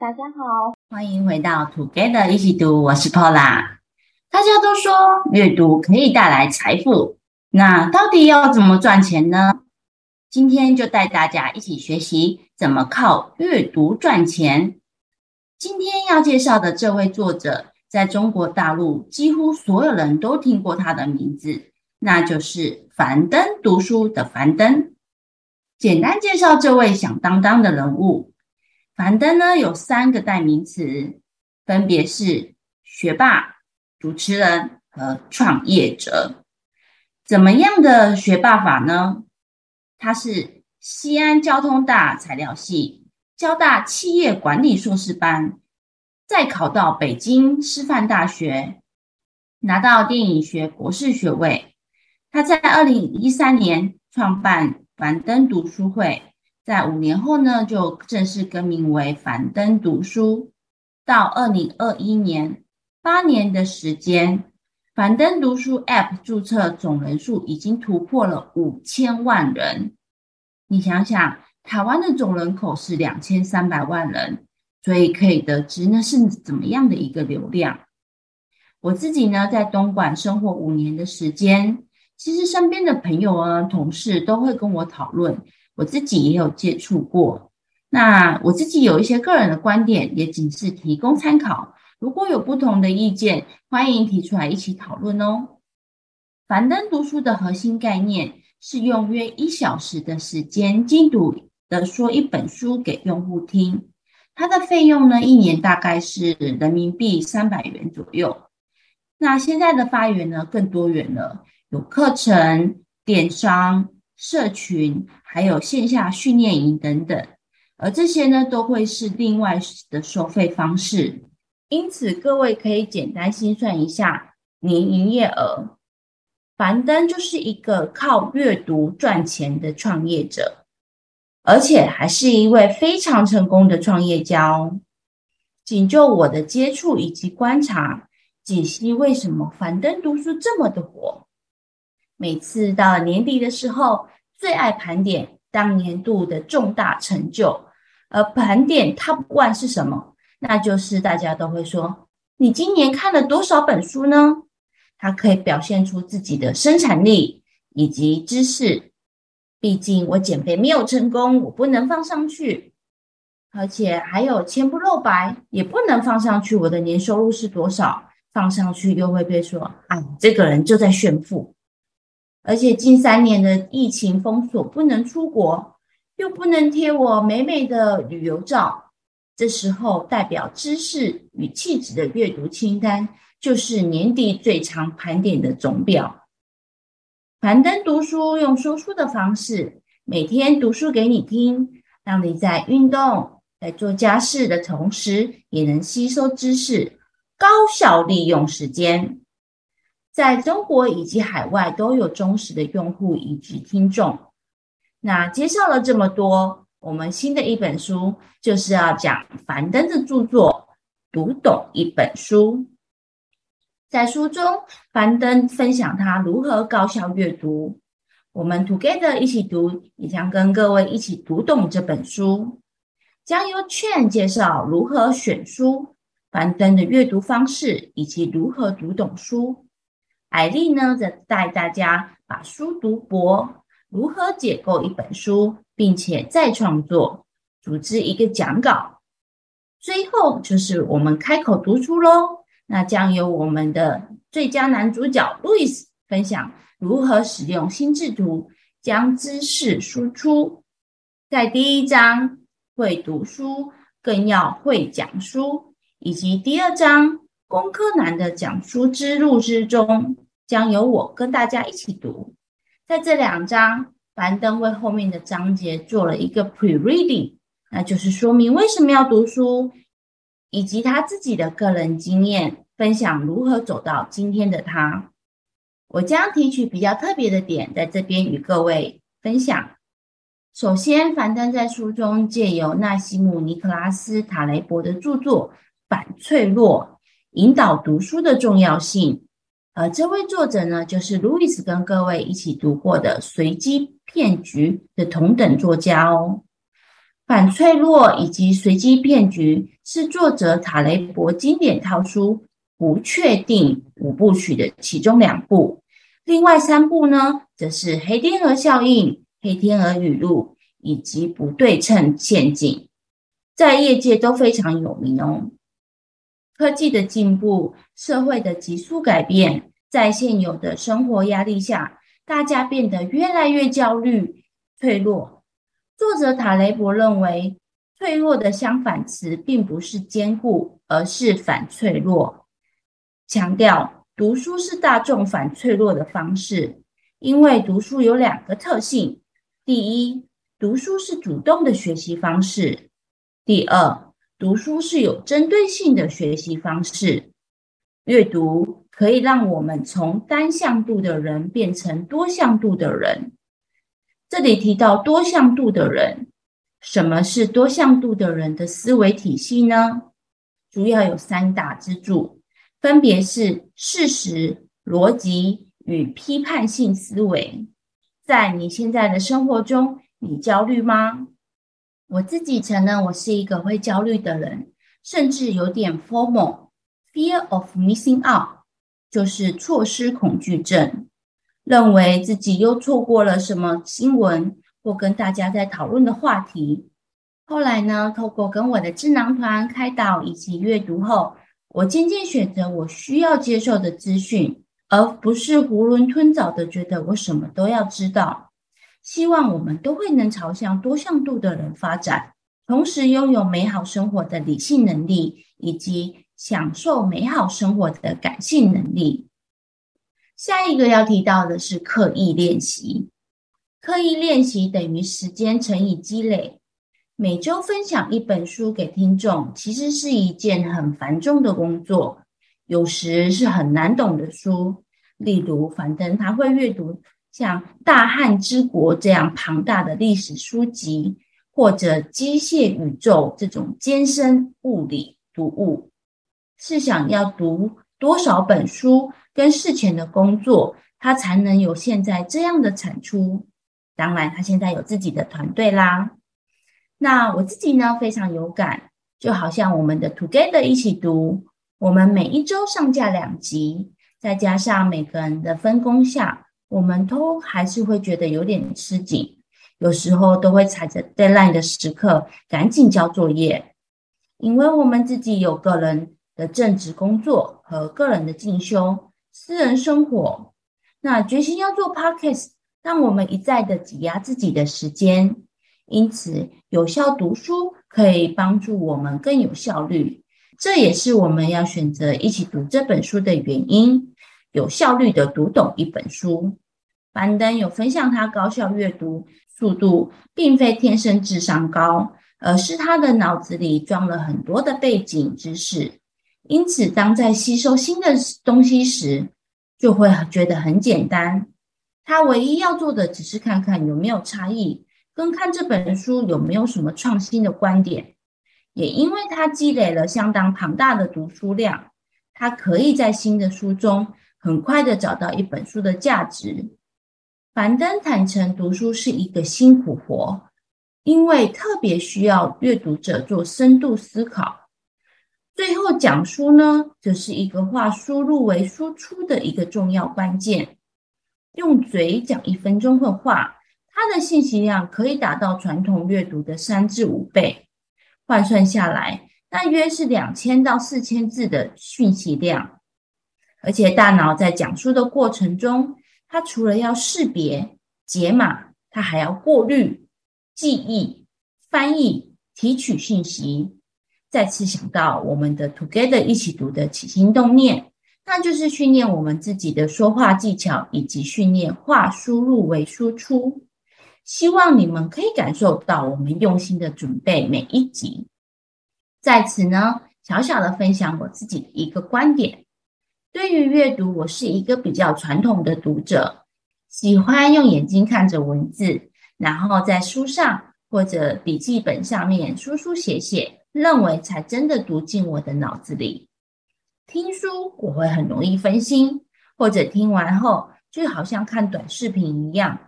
大家好，歡迎回到 Together 一起讀，我是 Paula。大家都說閱讀可以帶來財富，那到底要怎麼賺錢呢？今天就帶大家一起學習怎麼靠閱讀賺錢。今天要介紹的這位作者，在中國大陸幾乎所有人都聽過他的名字，那就是樊登讀書的樊登。簡單介紹這位響當當的人物。樊登呢有三個代名詞，分別是學霸、主持人和創業者。怎麼樣的學霸法呢？他是西安交通大材料系、交大企業管理碩士班，再考到北京師範大學，拿到電影學博士學位。他在二零一三年創辦樊登讀書會。在五年後呢，就正式更名為樊登讀書。到二零二一年，八年的時間，樊登讀書 App 註冊總人數已經突破了五千萬人。你想想，台灣的總人口是兩千三百萬人，所以可以得知那是怎麼樣的一個流量。我自己呢，在東莞生活五年的時間。其實身邊的朋友啊、同事都會跟我討論，我自己也有接觸過。那我自己有一些個人的觀點，也僅是提供參考。如果有不同的意見，歡迎提出來一起討論哦。樊登讀書的核心概念是用約一小時的時間精讀的說一本書給用戶聽。它的費用呢，一年大概是人民幣三百元左右。那現在的發源呢，更多元了。有課程、電商、社群，還有線下訓練營等等，而這些呢，都會是另外的收費方式。因此，各位可以簡單心算一下年營業額。樊登就是一個靠閱讀賺錢的創業者，而且還是一位非常成功的創業家哦。僅就我的接觸以及觀察，解析為什麼樊登讀書這麼的火。每次到年底的時候，最愛盤點當年度的重大成就。而盤點 Top One 是什麼？那就是大家都會說：“你今年看了多少本書呢？”它可以表現出自己的生產力以及知識。畢竟我減肥沒有成功，我不能放上去。而且還有錢不露白，也不能放上去。我的年收入是多少？放上去又會被說：“你、哎、這個人就在炫富。”而且近三年的疫情封鎖，不能出國，又不能貼我美美的旅遊照。這時候，代表知識與氣質的閱讀清單，就是年底最常盤點的總表。樊登讀書用說書的方式，每天讀書給你聽，讓你在運動、在做家事的同時，也能吸收知識，高效利用時間。在中國以及海外都有忠實的用戶以及聽眾。那介紹了這麼多，我們新的一本書就是要講樊登的著作《讀懂一本書》。在書中，樊登分享他如何高效閱讀。我們 Together 一起讀，也將跟各位一起讀懂這本書。將由 Chen 介紹如何選書，樊登的閱讀方式以及如何讀懂書。Aileen 呢，再帶大家把書讀薄，如何解構一本書，並且再創作，組織一個講稿。最後就是我們開口讀書嘍。那將由我們的最佳男主角 Lewis 分享如何使用心智圖將知識輸出。在第一章會讀書，更要會講書，以及第二章。《工科男的講書之路》之中，將由我跟大家一起讀。在這兩章，樊登為後面的章節做了一個 pre-reading，那就是說明為什麼要讀書，以及他自己的個人經驗分享如何走到今天的他。我將提取比較特別的點，在這邊與各位分享。首先，樊登在書中借由納西姆·尼克拉斯·塔雷伯的著作《反脆弱》，引導讀書的重要性。而，這位作者呢，就是 Louis 跟各位一起讀過的《隨機騙局》的同等作家哦。反脆弱以及隨機騙局是作者塔雷伯經典套書《不確定五部曲》的其中兩部。另外三部呢，則是《黑天鵝效應》《黑天鵝語錄》以及《不對稱陷阱》，在業界都非常有名哦。科技的進步，社會的急速改變，在現有的生活壓力下，大家變得越來越焦慮、脆弱。作者塔雷伯認為，脆弱的相反詞並不是堅固，而是反脆弱。強調讀書是大眾反脆弱的方式，因為讀書有兩個特性：第一，讀書是主動的學習方式；第二。讀書是有針對性的學習方式，閱讀可以讓我們從單向度的人變成多向度的人。這裡提到多向度的人，什麼是多向度的人的思維體系呢？主要有三大支柱，分別是事實、邏輯與批判性思維。在你現在的生活中，你焦慮嗎？我自己承認，我是一個會焦慮的人，甚至有點 formal fear of missing out，就是錯失恐懼症，認為自己又錯過了什麼新聞或跟大家在討論的話題。後來呢，透過跟我的智囊團開導以及閱讀後，我漸漸選擇我需要接受的資訊，而不是囫圇吞棗的覺得我什麼都要知道。希望我們都會能朝向多向度的人發展，同時擁有美好生活的理性能力，以及享受美好生活的感性能力。下一個要提到的是刻意練習，刻意練習等於時間乘以積累。每周分享一本書給聽眾，其實是一件很繁重的工作，有時是很難懂的書，例如樊登他會閱讀。像《大漢之國》這樣龐大的歷史書籍，或者《機械宇宙》這種艱深物理讀物，是想要讀多少本書跟事前的工作，他才能有現在這樣的產出？當然，他現在有自己的團隊啦。那我自己呢，非常有感，就好像我們的 Together 一起讀，我們每一周上架兩集，再加上每個人的分工下。我們都還是會覺得有點吃緊，有時候都會踩着 deadline 的時刻趕緊交作業，因為我們自己有個人的正職工作和個人的進修、私人生活，那決心要做 podcast，讓我們一再的擠壓自己的時間。因此，有效讀書可以幫助我們更有效率，這也是我們要選擇一起讀這本書的原因。有效率的讀懂一本書，樊登有分享，他高效閱讀速度並非天生智商高，而是他的腦子裡裝了很多的背景知識，因此當在吸收新的東西時，就會覺得很簡單。他唯一要做的只是看看有沒有差異，跟看這本書有沒有什麼創新的觀點。也因為他積累了相當龐大的讀書量，他可以在新的書中，很快的找到一本書的價值。樊登坦承，讀書是一個辛苦活，因為特別需要閱讀者做深度思考。最後講書呢，則是一個化輸入為輸出的一個重要關鍵。用嘴講一分鐘的話，它的信息量可以達到傳統閱讀的三至五倍，換算下來，大約是兩千到四千字的訊息量。而且大腦在講述的過程中，它除了要識別、解碼，它還要過濾、記憶、翻譯、提取信息，再次想到我們的 “together” 一起讀的起心動念，那就是訓練我們自己的說話技巧，以及訓練話輸入為輸出。希望你們可以感受到我們用心的準備每一集。在此呢，小小的分享我自己的一個觀點。對於閱讀，我是一個比較傳統的讀者，喜歡用眼睛看着文字，然後在書上或者筆記本上面書書寫寫，認為才真的讀進我的腦子裡。聽書我會很容易分心，或者聽完後就好像看短視頻一樣，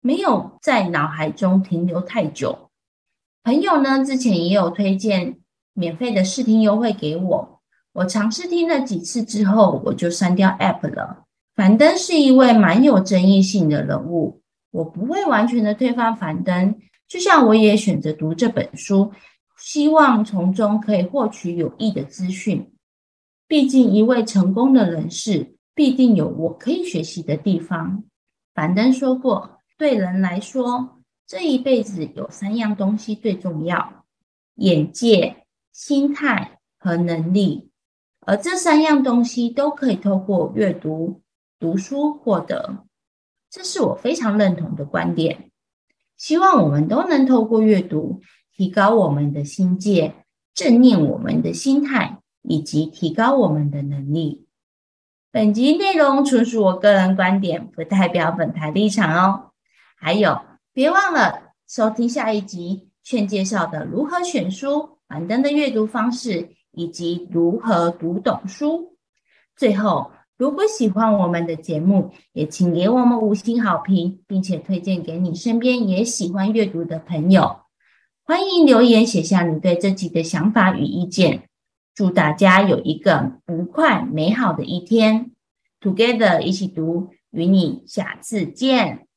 沒有在腦海中停留太久。朋友呢，之前也有推薦免費的試聽優惠給我。我嘗試聽了幾次之後，我就刪掉 App 了。樊登是一位蠻有爭議性的人物，我不會完全的推翻樊登。就像我也選擇讀這本書，希望從中可以獲取有益的資訊。畢竟，一位成功的人士必定有我可以學習的地方。樊登說過，對人來說，這一輩子有三樣東西最重要：眼界、心態和能力。而這三樣東西都可以透過閱讀讀書獲得，這是我非常認同的觀點。希望我們都能透過閱讀，提高我們的心界，正念我們的心態，以及提高我們的能力。本集內容純屬我個人觀點，不代表本台立場哦。還有，別忘了收聽下一集，勸介紹的如何選書，樊登的閱讀方式。以及如何讀懂書。最後，如果喜歡我們的節目，也請給我們五星好評，並且推薦給你身邊也喜歡閱讀的朋友。歡迎留言寫下你對這集的想法與意見。祝大家有一個愉快美好的一天！Together，一起讀，與你下次見。